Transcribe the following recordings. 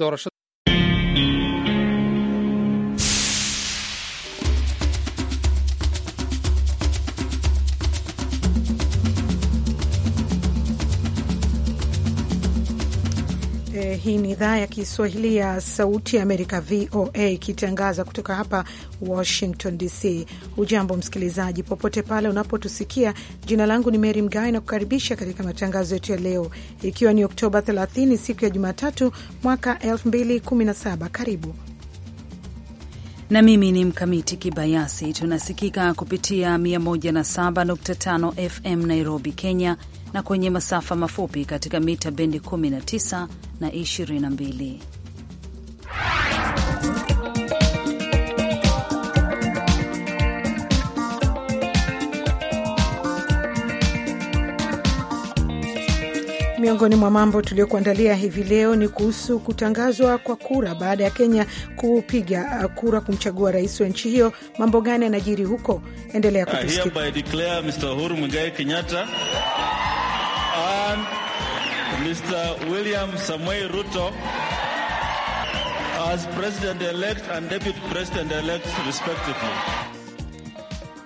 Сторож Hii ni idhaa ya Kiswahili ya Sauti ya Amerika, VOA, ikitangaza kutoka hapa Washington DC. Hujambo msikilizaji, popote pale unapotusikia. Jina langu ni mery Mgawe na kukaribisha katika matangazo yetu ya leo, ikiwa ni Oktoba 30 siku ya Jumatatu mwaka 2017. Karibu na mimi ni Mkamiti Kibayasi. Tunasikika kupitia 107.5 FM Nairobi, Kenya, na kwenye masafa mafupi katika mita bendi 19 na 22. Miongoni mwa mambo tuliyokuandalia hivi leo ni kuhusu kutangazwa kwa kura baada ya Kenya kupiga uh, kura kumchagua rais wa nchi hiyo. Mambo gani yanajiri huko? Endelea kutusikia one, Mr. William Samuel Ruto, as President-elect and Deputy President-elect respectively.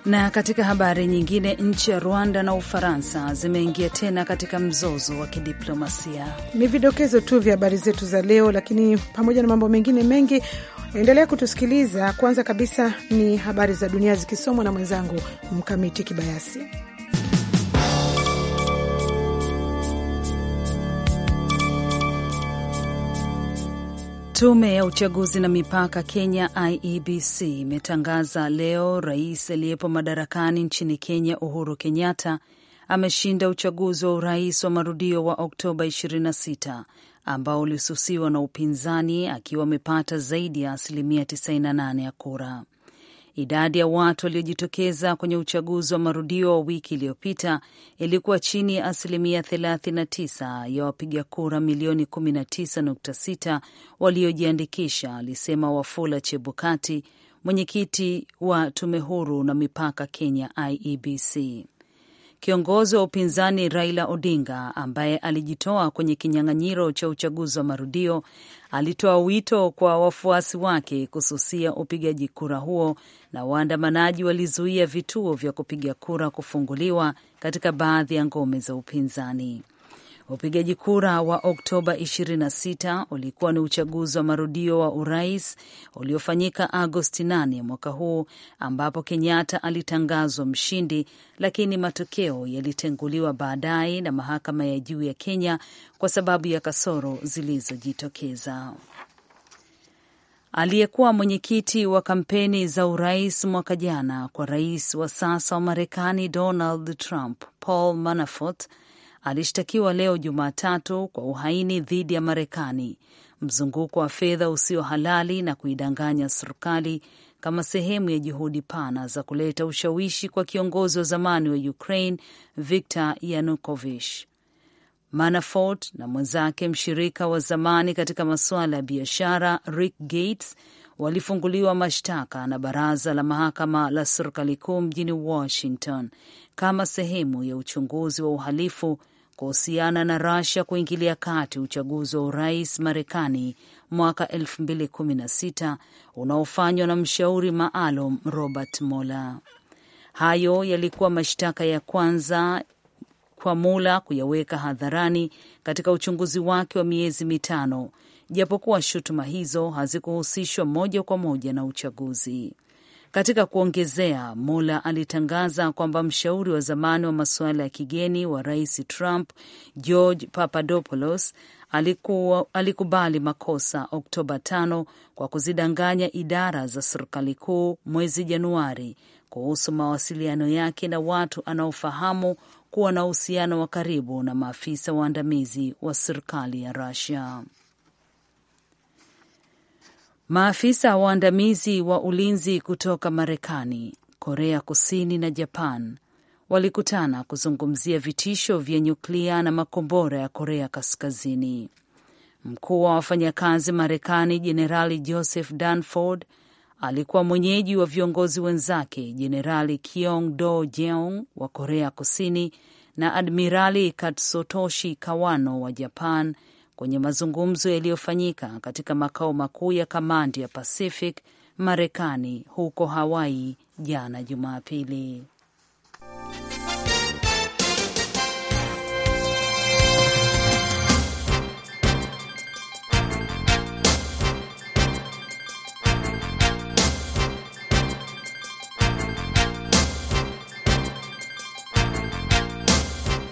Na katika habari nyingine, nchi ya Rwanda na Ufaransa zimeingia tena katika mzozo wa kidiplomasia. Ni vidokezo tu vya habari zetu za leo, lakini pamoja na mambo mengine mengi, endelea kutusikiliza. Kwanza kabisa ni habari za dunia zikisomwa na mwenzangu Mkamiti Kibayasi. Tume ya uchaguzi na mipaka Kenya IEBC imetangaza leo rais aliyepo madarakani nchini Kenya Uhuru Kenyatta ameshinda uchaguzi wa urais wa marudio wa Oktoba 26 ambao ulisusiwa na upinzani akiwa amepata zaidi ya asilimia 98 ya kura. Idadi ya watu waliojitokeza kwenye uchaguzi wa marudio wa wiki iliyopita ilikuwa chini ya asilimia 39 ya wapiga kura milioni 19.6 waliojiandikisha, alisema Wafula Chebukati, mwenyekiti wa tume huru na mipaka Kenya IEBC. Kiongozi wa upinzani Raila Odinga ambaye alijitoa kwenye kinyang'anyiro cha uchaguzi wa marudio alitoa wito kwa wafuasi wake kususia upigaji kura huo, na waandamanaji walizuia vituo vya kupiga kura kufunguliwa katika baadhi ya ngome za upinzani. Upigaji kura wa Oktoba 26 ulikuwa ni uchaguzi wa marudio wa urais uliofanyika Agosti 8 mwaka huu, ambapo Kenyatta alitangazwa mshindi, lakini matokeo yalitenguliwa baadaye na mahakama ya juu ya Kenya kwa sababu ya kasoro zilizojitokeza. Aliyekuwa mwenyekiti wa kampeni za urais mwaka jana kwa rais wa sasa wa Marekani Donald Trump, Paul Manafort alishtakiwa leo Jumatatu kwa uhaini dhidi ya Marekani, mzunguko wa fedha usio halali na kuidanganya serikali kama sehemu ya juhudi pana za kuleta ushawishi kwa kiongozi wa zamani wa Ukraine Viktor Yanukovych. Manafort na mwenzake mshirika wa zamani katika masuala ya biashara Rick Gates walifunguliwa mashtaka na baraza la mahakama la serikali kuu mjini Washington kama sehemu ya uchunguzi wa uhalifu kuhusiana na Russia kuingilia kati uchaguzi wa urais Marekani mwaka 2016 unaofanywa na mshauri maalum Robert Mueller. Hayo yalikuwa mashtaka ya kwanza kwa Mueller kuyaweka hadharani katika uchunguzi wake wa miezi mitano, japokuwa shutuma hizo hazikuhusishwa moja kwa moja na uchaguzi. Katika kuongezea, mula alitangaza kwamba mshauri wa zamani wa masuala ya kigeni wa rais Trump, George Papadopoulos, alikuwa, alikubali makosa Oktoba 5 kwa kuzidanganya idara za serikali kuu mwezi Januari kuhusu mawasiliano yake na watu anaofahamu kuwa na uhusiano wa karibu na maafisa waandamizi wa serikali ya rusia Maafisa waandamizi wa ulinzi kutoka Marekani, Korea Kusini na Japan walikutana kuzungumzia vitisho vya nyuklia na makombora ya Korea Kaskazini. Mkuu wa wafanyakazi Marekani Jenerali Joseph Dunford alikuwa mwenyeji wa viongozi wenzake Jenerali Kiong Do Jeong wa Korea Kusini na Admirali Katsutoshi Kawano wa Japan kwenye mazungumzo yaliyofanyika katika makao makuu ya kamandi ya Pacific Marekani huko Hawaii jana Jumapili.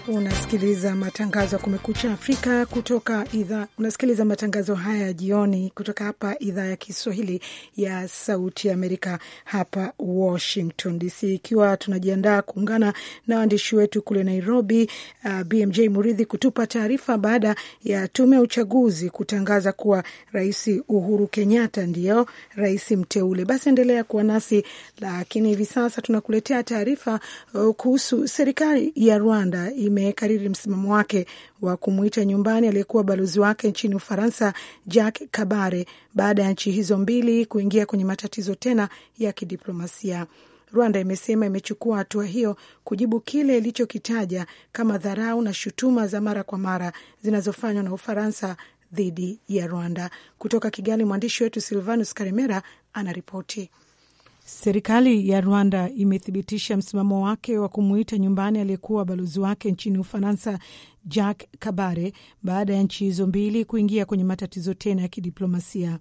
Unasikiliza matangazo ya Kumekucha Afrika kutoka idha, Unasikiliza matangazo haya jioni kutoka hapa idhaa ya Kiswahili ya Sauti Amerika, hapa Washington DC, ikiwa tunajiandaa kuungana na waandishi wetu kule Nairobi, uh, BMJ Muridhi kutupa taarifa baada ya tume ya uchaguzi kutangaza kuwa Rais Uhuru Kenyatta ndiyo rais mteule. Basi endelea kuwa nasi, lakini hivi sasa tunakuletea taarifa uh, kuhusu serikali ya Rwanda imekariri msimamo wake wa kumwita nyumbani aliyekuwa balozi wake nchini Ufaransa Jack Kabare baada ya nchi hizo mbili kuingia kwenye matatizo tena ya kidiplomasia. Rwanda imesema imechukua hatua hiyo kujibu kile ilichokitaja kama dharau na shutuma za mara kwa mara zinazofanywa na Ufaransa dhidi ya Rwanda. Kutoka Kigali, mwandishi wetu Silvanus Karemera anaripoti. Serikali ya Rwanda imethibitisha msimamo wake wa kumuita nyumbani aliyekuwa balozi wake nchini Ufaransa, Jack Kabare, baada ya nchi hizo mbili kuingia kwenye matatizo tena ya kidiplomasia.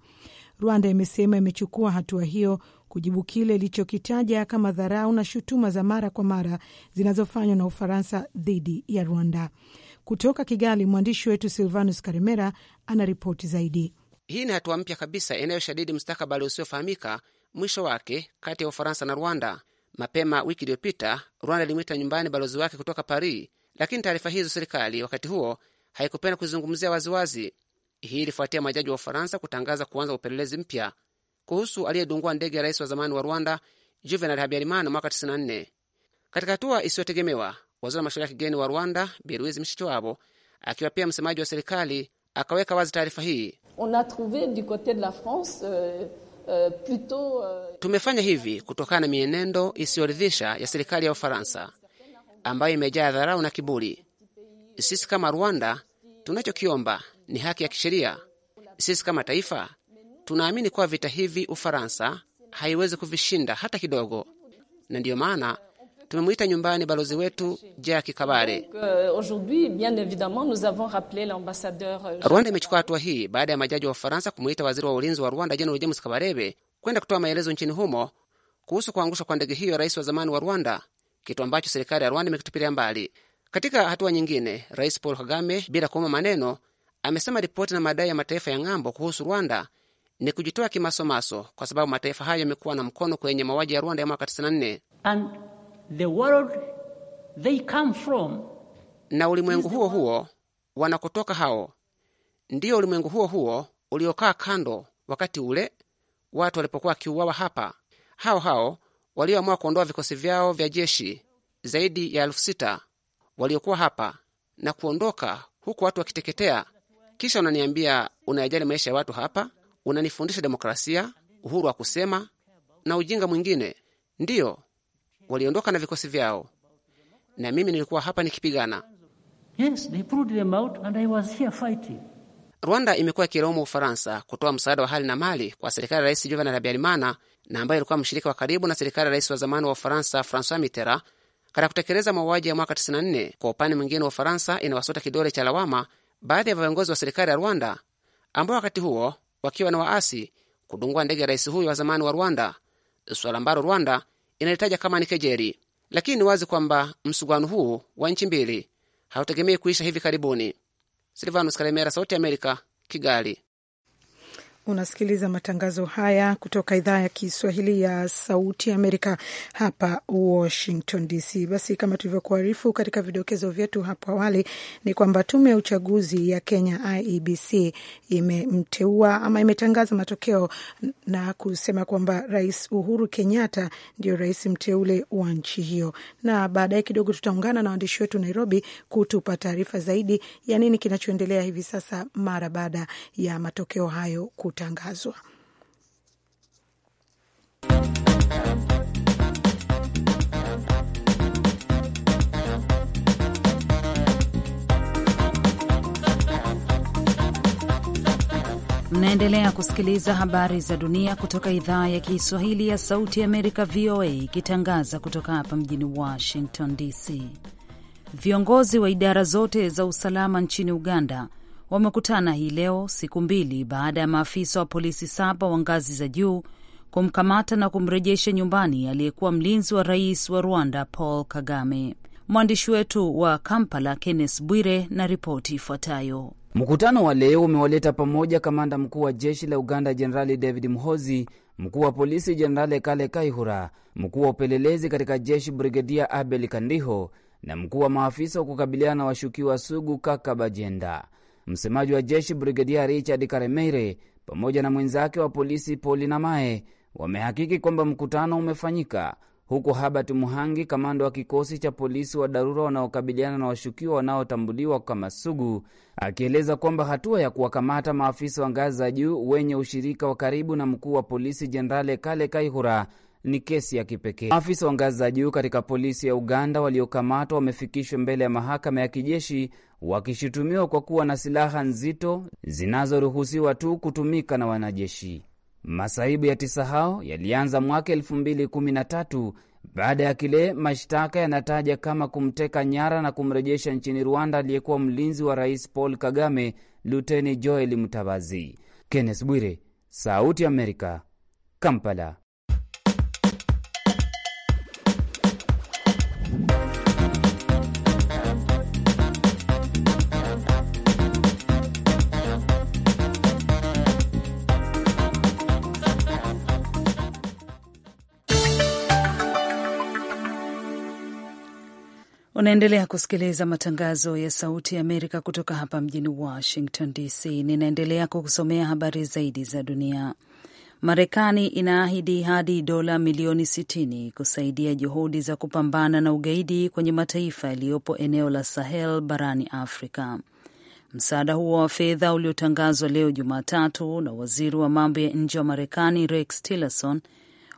Rwanda imesema imechukua hatua hiyo kujibu kile ilichokitaja kama dharau na shutuma za mara kwa mara zinazofanywa na Ufaransa dhidi ya Rwanda. Kutoka Kigali, mwandishi wetu Silvanus Karemera ana ripoti zaidi. Hii ni hatua mpya kabisa inayoshadidi mustakabali usiofahamika mwisho wake kati ya Ufaransa na Rwanda. Mapema wiki iliyopita, Rwanda ilimwita nyumbani balozi wake kutoka Paris, lakini taarifa hizo serikali wakati huo haikupenda kuzungumzia waziwazi. Hii ilifuatia majaji wa Ufaransa kutangaza kuanza upelelezi mpya kuhusu aliyedungua ndege ya rais wa zamani wa Rwanda Juvenal Habyarimana mwaka 94. Katika hatua isiyotegemewa, waziri wa mashauri ya kigeni wa Rwanda Louise Mushikiwabo, akiwa pia msemaji wa serikali, akaweka wazi taarifa hii. On a trouvé du côté de la France, euh... Eh, plutôt, uh... tumefanya hivi kutokana na mienendo isiyoridhisha ya serikali ya Ufaransa ambayo imejaa dharau na kiburi. Sisi kama Rwanda tunachokiomba ni haki ya kisheria. Sisi kama taifa tunaamini kuwa vita hivi Ufaransa haiwezi kuvishinda hata kidogo, na ndiyo maana Tumemwita nyumbani balozi wetu jack Kabare. Euh, euh, Rwanda imechukua hatua hii baada ya majaji wa Ufaransa kumwita waziri wa ulinzi wa Rwanda Jenerali James Kabarebe kwenda kutoa maelezo nchini humo kuhusu kuangushwa kwa ndege hiyo ya rais wa zamani wa Rwanda, kitu ambacho serikali ya Rwanda imekitupilia mbali. Katika hatua nyingine, Rais Paul Kagame bila kuuma maneno amesema ripoti na madai ya mataifa ya ng'ambo kuhusu Rwanda ni kujitoa kimasomaso, kwa sababu mataifa hayo yamekuwa na mkono kwenye mauaji ya Rwanda ya mwaka 94 the world they come from, na ulimwengu huo huo wanakotoka hao ndiyo ulimwengu huo huo uliokaa kando wakati ule watu walipokuwa wakiuawa hapa. Hao hao walioamua kuondoa vikosi vyao vya jeshi zaidi ya elfu sita waliokuwa hapa na kuondoka huku watu wakiteketea. Kisha unaniambia unayajali maisha ya watu hapa, unanifundisha demokrasia, uhuru wa kusema na ujinga mwingine. Ndiyo, waliondoka na vikosi vyao, na mimi nilikuwa hapa nikipigana. Yes, they pulled them out and I was here fighting. Rwanda imekuwa ikilaumu Ufaransa kutoa msaada wa hali na mali kwa serikali ya Rais Juvenal Habyarimana na ambayo ilikuwa mshirika wa karibu na serikali ya rais wa zamani wa Ufaransa Francois Mitterrand katika kutekeleza mauaji ya mwaka 94. Kwa upande mwingine, Ufaransa inawasota kidole cha lawama baadhi ya viongozi wa serikali ya Rwanda ambao wakati huo wakiwa na waasi kudungua ndege ya rais huyo wa zamani wa Rwanda, swala ambalo Rwanda inalitaja kama ni kejeli, lakini ni wazi kwamba msuguano huu wa nchi mbili hautegemei kuisha hivi karibuni. Silvanus Karemera, Sauti ya Amerika, Kigali. Unasikiliza matangazo haya kutoka idhaa ya Kiswahili ya Sauti Amerika hapa Washington DC. Basi kama tulivyokuarifu katika vidokezo vyetu hapo awali, ni kwamba tume ya uchaguzi ya Kenya IEBC imemteua ama imetangaza matokeo na kusema kwamba Rais Uhuru Kenyatta ndio rais mteule wa nchi hiyo, na baadaye kidogo tutaungana na waandishi wetu Nairobi kutupa taarifa zaidi ya nini kinachoendelea hivi sasa mara baada ya matokeo hayo kutu kutangazwa. Mnaendelea kusikiliza habari za dunia kutoka idhaa ya Kiswahili ya Sauti ya Amerika, VOA, ikitangaza kutoka hapa mjini Washington DC. Viongozi wa idara zote za usalama nchini Uganda wamekutana hii leo, siku mbili baada ya maafisa wa polisi saba wa ngazi za juu kumkamata na kumrejesha nyumbani aliyekuwa mlinzi wa rais wa Rwanda Paul Kagame. Mwandishi wetu wa Kampala Kenneth Bwire na ripoti ifuatayo. Mkutano wa leo umewaleta pamoja kamanda mkuu wa jeshi la Uganda Jenerali David Muhozi, mkuu wa polisi Jenerali Kale Kaihura, mkuu wa upelelezi katika jeshi Brigedia Abel Kandiho na mkuu wa maafisa wa kukabiliana na washukiwa sugu Kaka Bajenda. Msemaji wa jeshi Brigedia Richard Karemeire pamoja na mwenzake wa polisi Poli Namae wamehakiki kwamba mkutano umefanyika, huku Habert Muhangi, kamanda wa kikosi cha polisi wa dharura wanaokabiliana na washukiwa wanaotambuliwa kama sugu, akieleza kwamba hatua ya kuwakamata maafisa wa ngazi za juu wenye ushirika wa karibu na mkuu wa polisi jenerale Kale Kaihura ni kesi ya kipekee. Maafisa wa ngazi za juu katika polisi ya Uganda waliokamatwa wamefikishwa mbele ya mahakama ya kijeshi wakishutumiwa kwa kuwa na silaha nzito zinazoruhusiwa tu kutumika na wanajeshi. Masaibu ya tisa hao yalianza mwaka elfu mbili kumi na tatu baada ya kile mashtaka yanataja kama kumteka nyara na kumrejesha nchini Rwanda aliyekuwa mlinzi wa rais Paul Kagame, Luteni Joel Mutabazi. Kenneth Bwire, Sauti ya Amerika, Kampala. Unaendelea kusikiliza matangazo ya Sauti ya Amerika kutoka hapa mjini Washington DC. Ninaendelea kukusomea habari zaidi za dunia. Marekani inaahidi hadi dola milioni 60 kusaidia juhudi za kupambana na ugaidi kwenye mataifa yaliyopo eneo la Sahel barani Afrika. Msaada huo wa fedha uliotangazwa leo Jumatatu na waziri wa mambo ya nje wa Marekani Rex Tillerson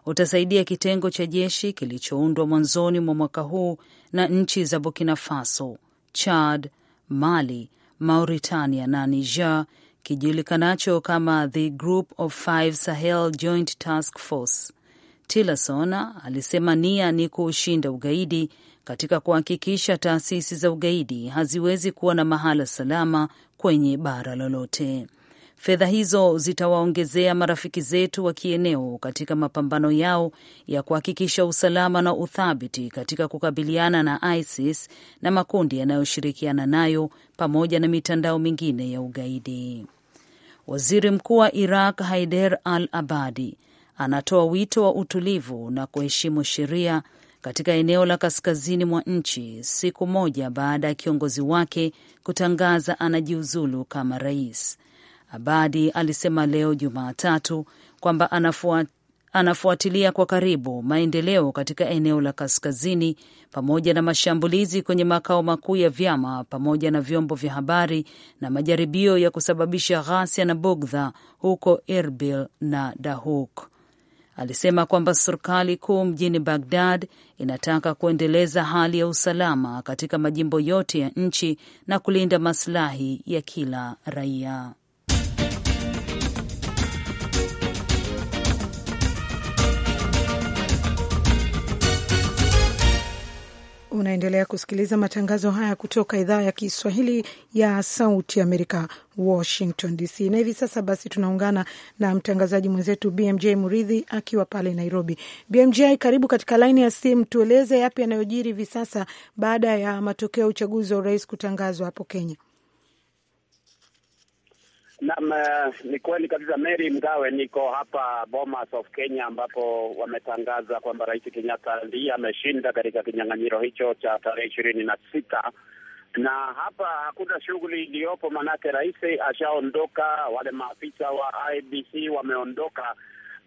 utasaidia kitengo cha jeshi kilichoundwa mwanzoni mwa mwaka huu na nchi za Burkina Faso, Chad, Mali, Mauritania na Niger kijulikanacho kama The Group of Five Sahel Joint Task Force. Tillerson alisema nia ni kuushinda ugaidi katika kuhakikisha taasisi za ugaidi haziwezi kuwa na mahala salama kwenye bara lolote. Fedha hizo zitawaongezea marafiki zetu wa kieneo katika mapambano yao ya kuhakikisha usalama na uthabiti katika kukabiliana na ISIS na makundi yanayoshirikiana nayo pamoja na mitandao mingine ya ugaidi. Waziri Mkuu wa Iraq Haider al-Abadi anatoa wito wa utulivu na kuheshimu sheria katika eneo la kaskazini mwa nchi siku moja baada ya kiongozi wake kutangaza anajiuzulu kama rais. Abadi alisema leo Jumatatu kwamba anafuat, anafuatilia kwa karibu maendeleo katika eneo la kaskazini pamoja na mashambulizi kwenye makao makuu ya vyama pamoja na vyombo vya habari na majaribio ya kusababisha ghasia na bugdha huko Erbil na Dahuk. Alisema kwamba serikali kuu mjini Bagdad inataka kuendeleza hali ya usalama katika majimbo yote ya nchi na kulinda masilahi ya kila raia. Unaendelea kusikiliza matangazo haya kutoka idhaa ya Kiswahili ya Sauti Amerika, Washington DC. Na hivi sasa basi tunaungana na mtangazaji mwenzetu BMJ Muridhi akiwa pale Nairobi. BMJ, karibu katika laini ya simu, tueleze yapi yanayojiri hivi sasa baada ya matokeo ya uchaguzi wa urais kutangazwa hapo Kenya. Naam, eh, ni kweli kabisa Mary Mgawe. Niko hapa Bomas of Kenya, ambapo wametangaza kwamba Rais Kenyatta ndiye ameshinda katika kinyang'anyiro hicho cha tarehe ishirini na sita na hapa hakuna shughuli iliyopo, maanake rais ashaondoka, wale maafisa wa IBC wameondoka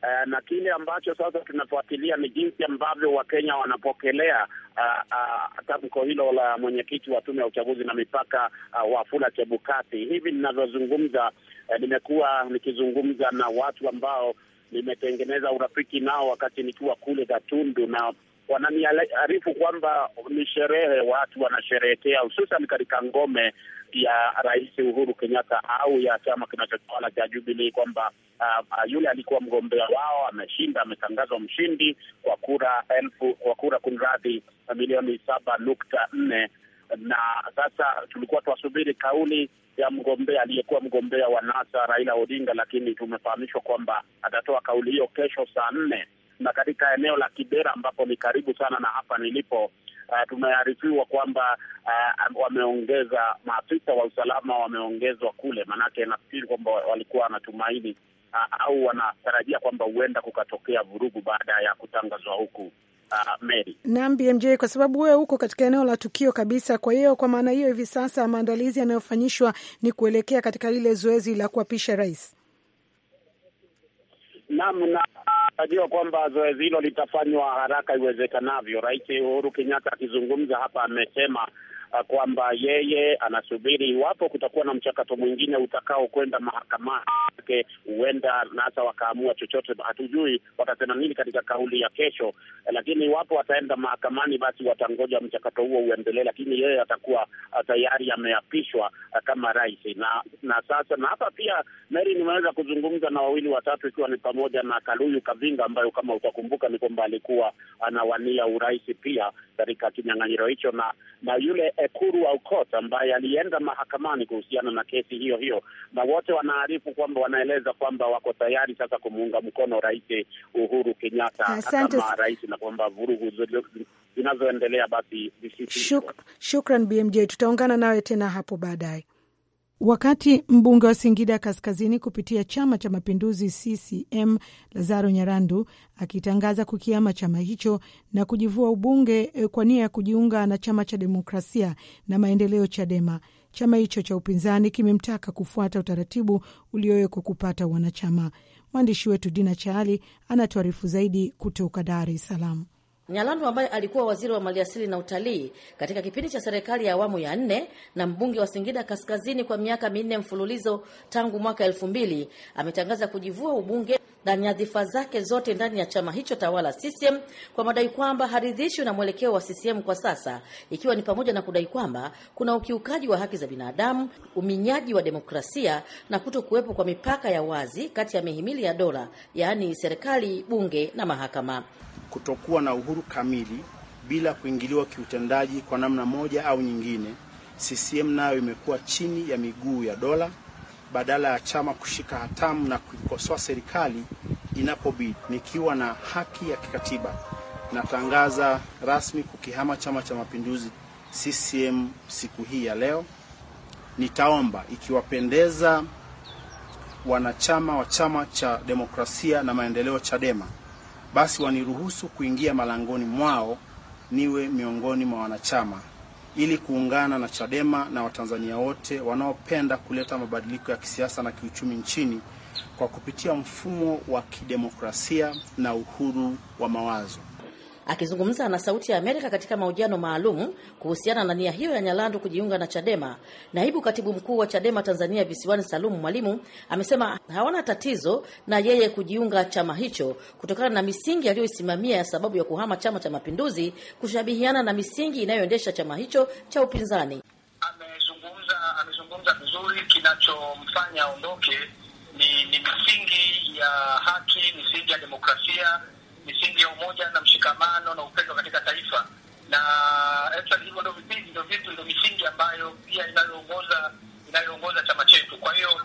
Uh, na kile ambacho sasa tunafuatilia ni jinsi ambavyo Wakenya wanapokelea uh, uh, tamko hilo la mwenyekiti wa tume ya uchaguzi na mipaka uh, Wafula Chebukati. Hivi ninavyozungumza, uh, nimekuwa nikizungumza na watu ambao nimetengeneza urafiki nao wakati nikiwa kule Gatundu na wananiarifu kwamba ni sherehe watu wanasherehekea, hususan katika ngome ya Rais Uhuru Kenyatta au ya chama kinachotawala cha Jubilee kwamba um, uh, yule alikuwa mgombea wao ameshinda, ametangazwa mshindi kwa kura elfu kwa kura kunradhi, milioni saba nukta nne na sasa tulikuwa tuwasubiri kauli ya mgombea aliyekuwa mgombea wa NASA Raila Odinga, lakini tumefahamishwa kwamba atatoa kauli hiyo kesho saa nne na katika eneo la Kibera ambapo ni karibu sana na hapa nilipo uh, tumearifiwa kwamba uh, wameongeza maafisa wa usalama wameongezwa kule, maanake nafikiri kwamba walikuwa wanatumaini uh, au wanatarajia kwamba huenda kukatokea vurugu baada ya kutangazwa huku. Uh, Mary BMJ, kwa sababu wewe uko katika eneo la tukio kabisa. Kwa hiyo kwa maana hiyo, hivi sasa maandalizi yanayofanyishwa ni kuelekea katika lile zoezi la kuapisha rais. Naam, najua kwamba zoezi hilo litafanywa haraka iwezekanavyo. Rais Uhuru Kenyatta akizungumza hapa amesema Uh, kwamba yeye anasubiri iwapo kutakuwa na mchakato mwingine utakao kwenda mahakamani yake, huenda NASA wakaamua chochote, hatujui watasema nini katika kauli ya kesho. Lakini iwapo wataenda mahakamani, basi watangoja mchakato huo uendelee, lakini yeye atakuwa uh, tayari ameapishwa uh, kama rais. Na na sasa na hapa pia Mary, nimeweza kuzungumza na wawili watatu, ikiwa ni pamoja na Kaluyu Kavinga ambayo kama utakumbuka ni kwamba alikuwa anawania urais pia katika kinyang'anyiro hicho, na na yule Ekuru Aukot ambaye alienda mahakamani kuhusiana na kesi hiyo hiyo, na wote wanaarifu kwamba wanaeleza kwamba wako tayari sasa kumuunga mkono Rais Uhuru Kenyatta kama rais na kwamba vurugu zinazoendelea basi. Shuk, shukran BMJ, tutaungana nawe tena hapo baadaye. Wakati mbunge wa Singida Kaskazini kupitia Chama cha Mapinduzi CCM Lazaro Nyarandu akitangaza kukiama chama hicho na kujivua ubunge eh, kwa nia ya kujiunga na Chama cha Demokrasia na Maendeleo CHADEMA, chama hicho cha upinzani kimemtaka kufuata utaratibu uliowekwa kupata wanachama. Mwandishi wetu Dina Chaali anatuarifu zaidi kutoka Dar es Salaam. Nyalandu ambaye alikuwa waziri wa maliasili na utalii katika kipindi cha serikali ya awamu ya nne na mbunge wa Singida Kaskazini kwa miaka minne mfululizo tangu mwaka elfu mbili ametangaza kujivua ubunge na nyadhifa zake zote ndani ya chama hicho tawala CCM kwa madai kwamba haridhishwi na mwelekeo wa CCM kwa sasa, ikiwa ni pamoja na kudai kwamba kuna ukiukaji wa haki za binadamu, uminyaji wa demokrasia na kuto kuwepo kwa mipaka ya wazi kati ya mihimili ya dola, yaani serikali, bunge na mahakama, kutokuwa na uhuru kamili bila kuingiliwa kiutendaji kwa namna moja au nyingine. CCM nayo imekuwa chini ya miguu ya dola badala ya chama kushika hatamu na kuikosoa serikali inapobidi. Nikiwa na haki ya kikatiba, natangaza rasmi kukihama Chama cha Mapinduzi CCM siku hii ya leo. Nitaomba ikiwapendeza wanachama wa Chama cha Demokrasia na Maendeleo CHADEMA, basi waniruhusu kuingia malangoni mwao niwe miongoni mwa wanachama ili kuungana na Chadema na Watanzania wote wanaopenda kuleta mabadiliko ya kisiasa na kiuchumi nchini kwa kupitia mfumo wa kidemokrasia na uhuru wa mawazo. Akizungumza na Sauti ya Amerika katika mahojiano maalum kuhusiana na nia hiyo ya Nyalandu kujiunga na Chadema, naibu katibu mkuu wa Chadema Tanzania visiwani Salumu Mwalimu amesema hawana tatizo na yeye kujiunga chama hicho kutokana na misingi aliyoisimamia ya sababu ya kuhama Chama cha Mapinduzi kushabihiana na misingi inayoendesha chama hicho cha upinzani. Amezungumza amezungumza vizuri. Kinachomfanya aondoke ni, ni misingi ya haki, misingi ya demokrasia misingi ya umoja na mshikamano na upendo katika taifa, na hivyo ndio vipindi, ndio vitu, ndio misingi ambayo pia inayoongoza inayoongoza chama chetu. Kwa hiyo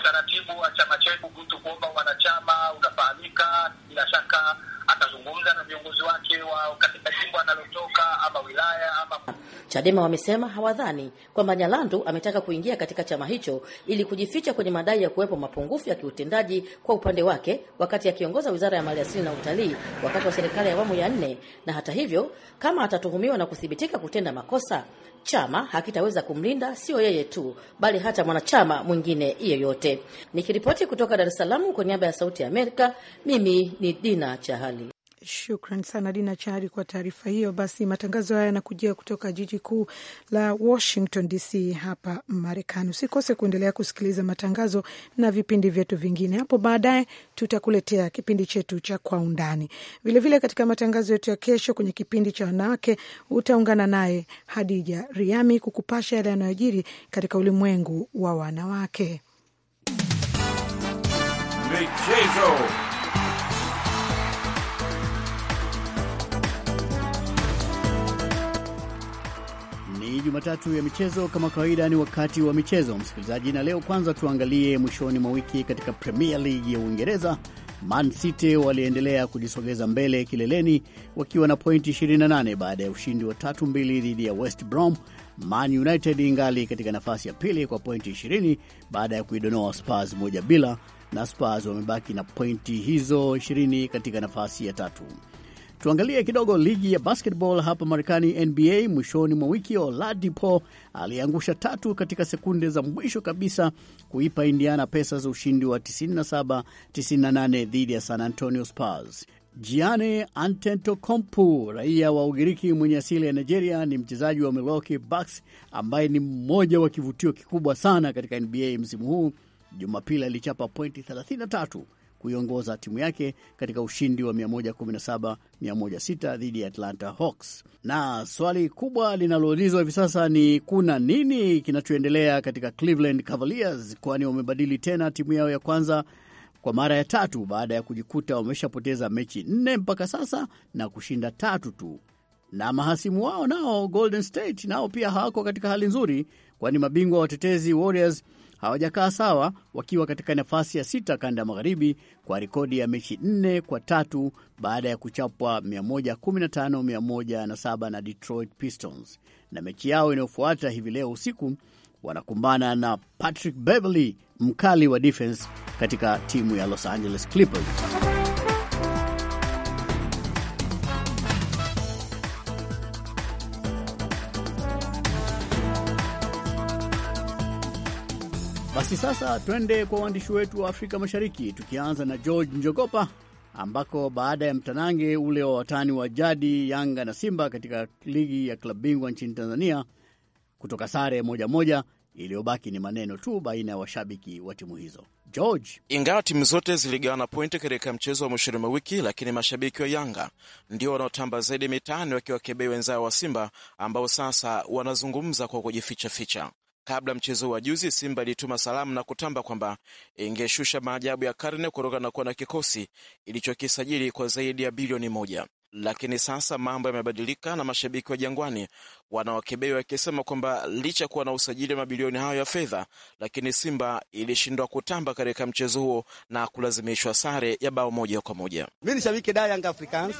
utaratibu wa chama chetu kuomba wanachama unafahamika bila shaka atazungumza na viongozi wake wa katika jimbo analotoka ama wilaya ama. Chadema wamesema hawadhani kwamba Nyalandu ametaka kuingia katika chama hicho ili kujificha kwenye madai ya kuwepo mapungufu ya kiutendaji kwa upande wake wakati akiongoza wizara ya maliasili na utalii wakati wa serikali ya awamu ya nne, na hata hivyo, kama atatuhumiwa na kuthibitika kutenda makosa chama hakitaweza kumlinda sio yeye tu, bali hata mwanachama mwingine yeyote. Nikiripoti kutoka Dar es Salaam kwa niaba ya Sauti ya Amerika, mimi ni Dina Chahali. Shukran sana Dina Chari kwa taarifa hiyo. Basi matangazo haya yanakujia kutoka jiji kuu la Washington DC hapa Marekani. Usikose kuendelea kusikiliza matangazo na vipindi vyetu vingine. Hapo baadaye tutakuletea kipindi chetu cha Kwa Undani. Vilevile katika matangazo yetu ya kesho, kwenye kipindi cha wanawake, utaungana naye Hadija Riami kukupasha yale yanayojiri katika ulimwengu wa wanawake. Michezo. ni Jumatatu ya michezo. Kama kawaida, ni wakati wa michezo, msikilizaji, na leo kwanza tuangalie mwishoni mwa wiki katika Premier League ya Uingereza, Man City waliendelea kujisogeza mbele kileleni wakiwa na pointi 28 baada ya ushindi wa tatu mbili dhidi ya West Brom. Man United ingali katika nafasi ya pili kwa pointi 20 baada ya kuidonoa Spurs moja bila, na Spurs wamebaki na pointi hizo 20 katika nafasi ya tatu. Tuangalie kidogo ligi ya basketball hapa Marekani, NBA. Mwishoni mwa wiki, Oladipo aliangusha tatu katika sekunde za mwisho kabisa kuipa Indiana pesa za ushindi wa 97 98 dhidi ya San Antonio Spurs. Gianni Antetokounmpo, raia wa Ugiriki mwenye asili ya Nigeria, ni mchezaji wa Milwaukee Bucks ambaye ni mmoja wa kivutio kikubwa sana katika NBA msimu huu. Jumapili alichapa pointi 33 kuiongoza timu yake katika ushindi wa 117 106 dhidi ya Atlanta Hawks. Na swali kubwa linaloulizwa hivi sasa ni kuna nini kinachoendelea katika Cleveland Cavaliers, kwani wamebadili tena timu yao ya kwanza kwa mara ya tatu baada ya kujikuta wameshapoteza mechi nne mpaka sasa na kushinda tatu tu. Na mahasimu wao nao Golden State nao pia hawako katika hali nzuri, kwani mabingwa watetezi Warriors hawajakaa sawa, wakiwa katika nafasi ya sita kanda ya magharibi kwa rekodi ya mechi nne kwa tatu baada ya kuchapwa 115 107 na Detroit Pistons, na mechi yao inayofuata hivi leo usiku wanakumbana na Patrick Beverly, mkali wa defense katika timu ya Los Angeles Clippers. Basi sasa twende kwa waandishi wetu wa Afrika Mashariki, tukianza na George Njogopa ambako baada ya mtanange ule wa watani wa jadi Yanga na Simba katika ligi ya klabu bingwa nchini Tanzania kutoka sare moja moja, iliyobaki ni maneno tu baina ya washabiki wa timu hizo. George, ingawa timu zote ziligawana pointi katika mchezo wa mwishoni mwa wiki, lakini mashabiki wa Yanga ndio wanaotamba zaidi mitaani wakiwakebei wenzao wa Simba ambao sasa wanazungumza kwa kujifichaficha. Kabla mchezo wa juzi, Simba ilituma salamu na kutamba kwamba ingeshusha maajabu ya karne kutoka na kuwa na kikosi ilichokisajili kwa zaidi ya bilioni moja. Lakini sasa mambo yamebadilika, na mashabiki wa Jangwani wanawakebei wakisema kwamba licha kuwa na usajili wa mabilioni hayo ya fedha, lakini Simba ilishindwa kutamba katika mchezo huo na kulazimishwa sare ya bao moja kwa moja. Mi ni shabiki da Young Africans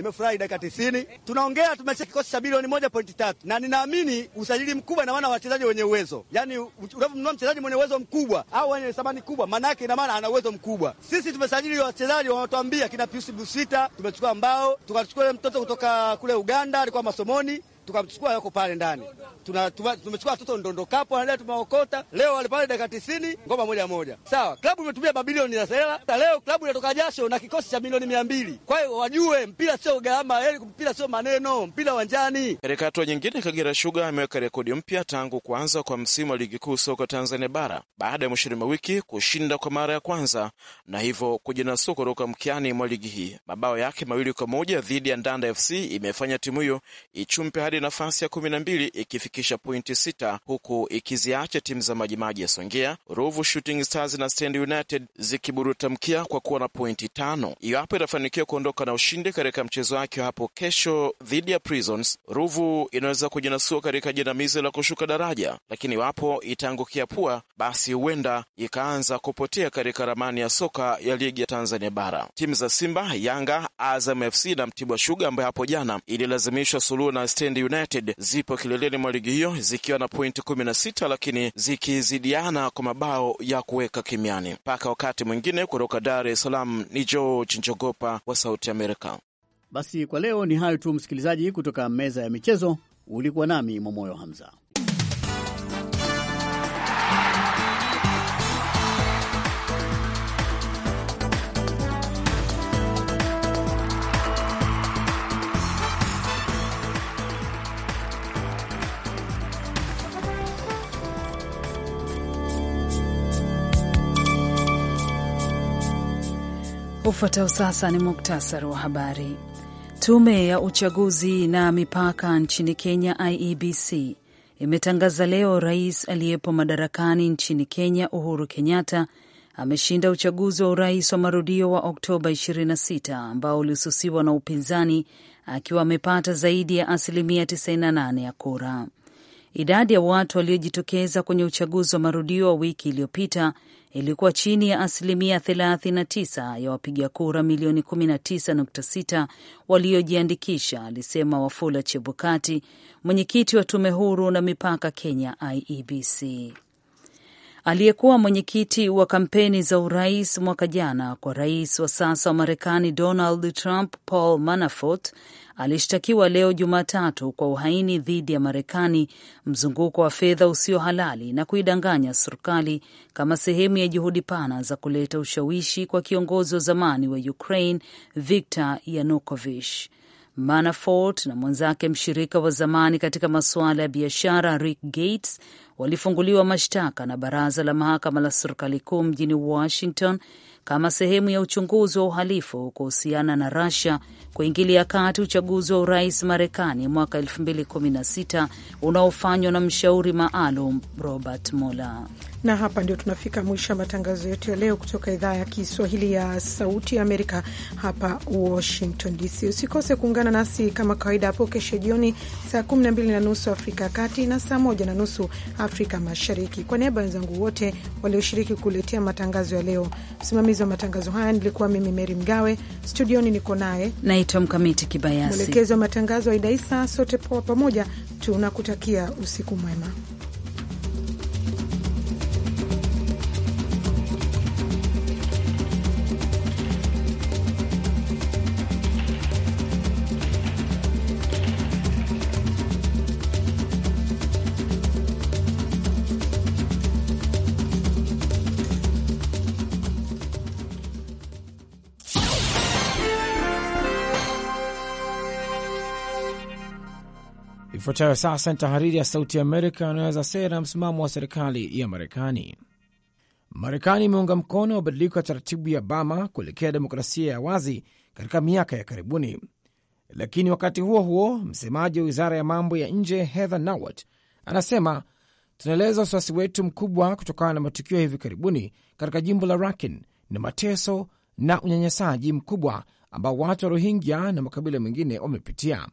Nimefurahi dakika tisini, tunaongea tumesha kikosi cha bilioni moja pointi tatu na ninaamini usajili mkubwa na wachezaji wenye uwezo, yaani unavyomnunua mchezaji mwenye uwezo mkubwa au wenye thamani kubwa, maana yake ina maana ana uwezo mkubwa. Sisi tumesajili wachezaji wanatuambia, kina Pius Busita tumechukua mbao, tukachukua mtoto kutoka kule Uganda, alikuwa masomoni tukamchukua yoko pale ndani, tumechukua watoto ndondokapo anadai tumeokota leo wale pale dakika tisini ngoma moja moja. Sawa, klabu imetumia mabilioni ya hela. Leo klabu inatoka jasho na kikosi cha milioni mia mbili. Kwa hiyo wajue mpira sio gharama, yaani mpira sio maneno, mpira uwanjani. Katika hatua nyingine, Kagera Sugar ameweka rekodi mpya tangu kuanza kwa msimu wa ligi kuu soka Tanzania bara baada ya mwishoni mwa wiki kushinda kwa mara ya kwanza na hivyo kujinasua kutoka mkiani mwa ligi hii. Mabao yake mawili kwa moja dhidi ya Ndanda FC imefanya timu hiyo ichumpe hadi nafasi ya kumi na mbili ikifikisha pointi sita huku ikiziacha timu za Majimaji ya Songea, Ruvu Shooting Stars na Stand United zikiburuta mkia kwa kuwa na pointi tano. Iwapo itafanikiwa kuondoka na ushindi katika mchezo wake hapo kesho dhidi ya Prisons, Ruvu inaweza kujinasua katika jinamizi la kushuka daraja, lakini iwapo itaangukia pua, basi huenda ikaanza kupotea katika ramani ya soka ya ligi ya Tanzania Bara. Timu za Simba, Yanga, Azam FC na Mtibwa Shuga ambaye hapo jana ililazimishwa suluhu na Stand United zipo kileleni mwa ligi hiyo zikiwa na pointi kumi na sita lakini zikizidiana kwa mabao ya kuweka kimiani. Mpaka wakati mwingine, kutoka Dar es Salaam ni George Njogopa wa Sauti Amerika. Basi kwa leo ni hayo tu, msikilizaji. Kutoka meza ya michezo ulikuwa nami Mwamoyo Hamza. Ufuatao sasa ni muktasari wa habari. Tume ya uchaguzi na mipaka nchini Kenya, IEBC, imetangaza leo rais aliyepo madarakani nchini Kenya, Uhuru Kenyatta, ameshinda uchaguzi wa urais wa marudio wa Oktoba 26 ambao ulisusiwa na upinzani akiwa amepata zaidi ya asilimia 98 ya kura. Idadi ya watu waliojitokeza kwenye uchaguzi wa marudio wa wiki iliyopita ilikuwa chini ya asilimia 39 ya wapiga kura milioni 19.6 waliojiandikisha, alisema Wafula Chebukati, mwenyekiti wa tume huru na mipaka Kenya, IEBC aliyekuwa mwenyekiti wa kampeni za urais mwaka jana kwa rais wa sasa wa Marekani Donald Trump, Paul Manafort alishtakiwa leo Jumatatu kwa uhaini dhidi ya Marekani, mzunguko wa fedha usio halali na kuidanganya serikali, kama sehemu ya juhudi pana za kuleta ushawishi kwa kiongozi wa zamani wa Ukraine Viktor yanukovich Manafort na mwenzake mshirika wa zamani katika masuala ya biashara Rick Gates walifunguliwa mashtaka na baraza la mahakama la serikali kuu mjini Washington kama sehemu ya uchunguzi wa uhalifu kuhusiana na Russia kuingilia kati uchaguzi wa urais Marekani mwaka 2016 unaofanywa na mshauri maalum Robert Mueller. Na hapa ndio tunafika mwisho wa matangazo yetu ya leo kutoka idhaa ya Kiswahili ya Sauti ya Amerika hapa Washington DC. Usikose kuungana nasi kama kawaida hapo kesho jioni saa 12 na nusu Afrika ya Kati na saa 1 na nusu Afrika Mashariki. Kwa niaba ya wenzangu wote walioshiriki kuletea matangazo ya leo, msimamizi wa matangazo haya nilikuwa mimi Meri Mgawe, studioni niko naye naitwa Mkamiti Kibayasi, mwelekezi wa matangazo Aida Isa. Sote poa pamoja tunakutakia usiku mwema. Ifuatayo sasa ni tahariri ya Sauti ya Amerika inaweza sera ya msimamo wa serikali ya Marekani. Marekani imeunga mkono mabadiliko ya taratibu ya Bama kuelekea demokrasia ya wazi katika miaka ya karibuni, lakini wakati huo huo, msemaji wa wizara ya mambo ya nje Heather Nauert anasema tunaeleza wasiwasi wetu mkubwa kutokana na matukio ya hivi karibuni katika jimbo la rakin na mateso na unyanyasaji mkubwa ambao watu wa Rohingya na makabila mengine wamepitia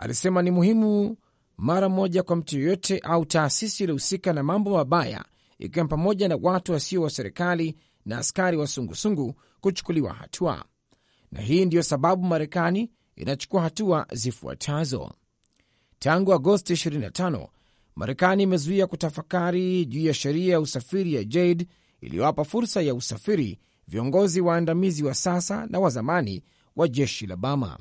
alisema ni muhimu mara moja kwa mtu yoyote au taasisi iliyohusika na mambo mabaya, ikiwa ni pamoja na watu wasio wa serikali na askari wa sungusungu kuchukuliwa hatua, na hii ndiyo sababu Marekani inachukua hatua zifuatazo. Tangu Agosti 25 Marekani imezuia kutafakari juu ya sheria ya usafiri ya Jade iliyowapa fursa ya usafiri viongozi waandamizi wa sasa na wa zamani wa jeshi la Bama.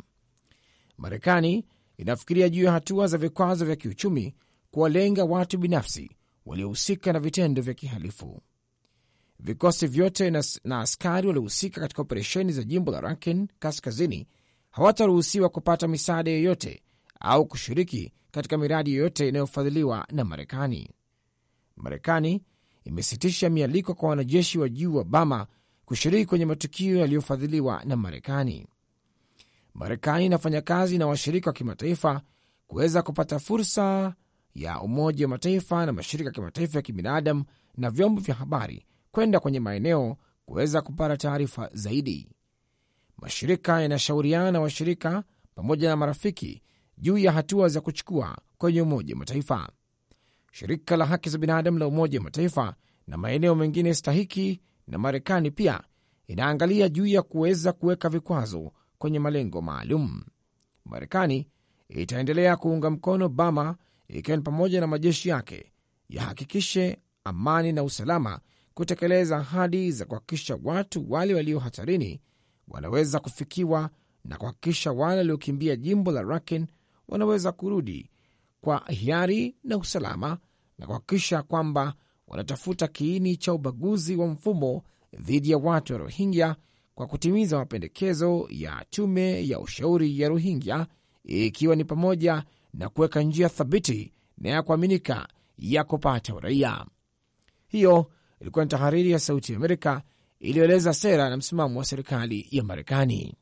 Marekani inafikiria juu ya hatua za vikwazo vya kiuchumi kuwalenga watu binafsi waliohusika na vitendo vya kihalifu. Vikosi vyote na, na askari waliohusika katika operesheni za jimbo la Rakhine kaskazini hawataruhusiwa kupata misaada yoyote au kushiriki katika miradi yoyote inayofadhiliwa na Marekani. Marekani imesitisha mialiko kwa wanajeshi wa juu wa Bama kushiriki kwenye matukio yaliyofadhiliwa na Marekani. Marekani inafanya kazi na washirika wa kimataifa kuweza kupata fursa ya Umoja wa Mataifa na mashirika ya kimataifa ya kibinadamu na vyombo vya habari kwenda kwenye maeneo kuweza kupata taarifa zaidi. Mashirika yanashauriana na washirika pamoja na marafiki juu ya hatua za kuchukua kwenye Umoja wa Mataifa. Shirika la haki za binadamu la Umoja wa Mataifa na maeneo mengine stahiki na Marekani pia inaangalia juu ya kuweza kuweka vikwazo kwenye malengo maalum. Marekani itaendelea kuunga mkono Bama, ikiwa ni pamoja na majeshi yake yahakikishe amani na usalama, kutekeleza ahadi za kuhakikisha watu wale walio hatarini wanaweza kufikiwa na kuhakikisha wale waliokimbia jimbo la rakin wanaweza kurudi kwa hiari na usalama na kuhakikisha kwamba wanatafuta kiini cha ubaguzi wa mfumo dhidi ya watu wa Rohingya kwa kutimiza mapendekezo ya tume ya ushauri ya Rohingya, ikiwa ni pamoja na kuweka njia thabiti na ya kuaminika ya kupata uraia. Hiyo ilikuwa ni tahariri ya Sauti ya Amerika iliyoeleza sera na msimamo wa serikali ya Marekani.